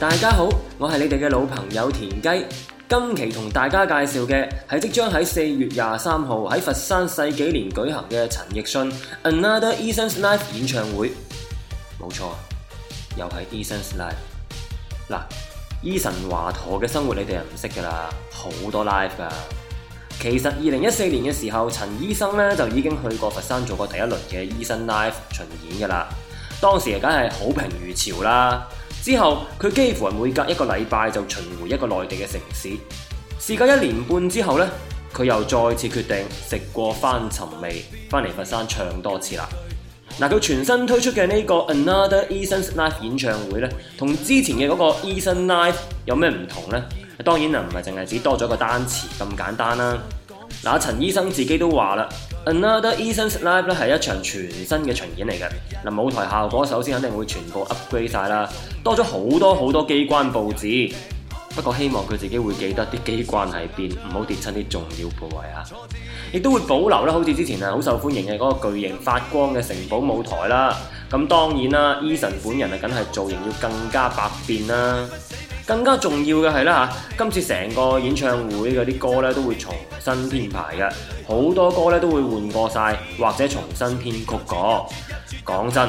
大家好，我係你哋嘅老朋友田雞。今期同大家介紹嘅係即將喺四月廿三號喺佛山世紀蓮舉行嘅陳奕迅 Another Eason Life 演唱會。冇錯，又係 Eason Life。嗱，Eason 華佗嘅生活你哋係唔識噶啦，好多 live 噶。其實二零一四年嘅時候，陳醫生咧就已經去過佛山做過第一輪嘅 Eason Life 巡演噶啦，當時梗係好評如潮啦。之後佢幾乎係每隔一個禮拜就巡迴一個內地嘅城市，事隔一年半之後呢，佢又再次決定食過翻尋味，翻嚟佛山唱多次啦。嗱，佢全新推出嘅呢個 Another Eason Life 演唱會呢，同之前嘅嗰個 Eason Life 有咩唔同呢？當然啊，唔係淨係只多咗個單詞咁簡單啦。嗱，陳醫生自己都話啦，《Another Eason Life》咧係一場全新嘅巡演嚟嘅。嗱，舞台效果首先肯定會全部 upgrade 晒啦，多咗好多好多機關佈置。不過希望佢自己會記得啲機關喺邊，唔好跌親啲重要部位啊。亦都會保留啦，好似之前係好受歡迎嘅嗰個巨型發光嘅城堡舞台啦。咁當然啦，Eason 本人啊，梗係造型要更加百變啦。更加重要嘅係呢，今次成個演唱會嗰啲歌都會重新編排嘅，好多歌都會換過曬或者重新編曲過。講真，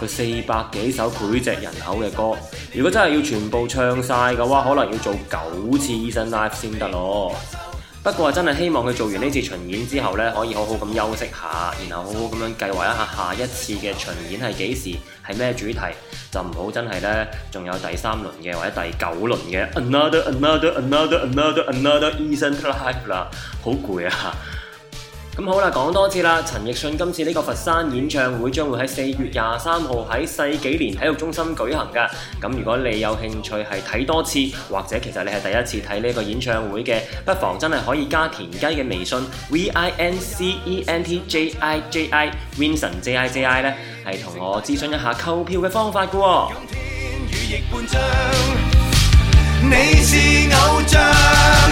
佢四百幾首膾炙人口嘅歌，如果真係要全部唱曬嘅話，可能要做九次 Eason Live 先得咯。不過真係希望佢做完呢次巡演之後呢，可以好好咁休息下，然後好好咁樣計劃一下下一次嘅巡演係幾時，係咩主題，就唔好真係呢，仲有第三輪嘅或者第九輪嘅 another another another another another Eason life 啦，好攰啊！咁好啦，講多次啦，陳奕迅今次呢個佛山演唱會將會喺四月廿三號喺世紀蓮體育中心舉行嘅。咁如果你有興趣係睇多次，或者其實你係第一次睇呢個演唱會嘅，不妨真係可以加田雞嘅微信 v i n c e n t j i j i v i n s o n j i j i 咧，係同我諮詢一下購票嘅方法嘅喎。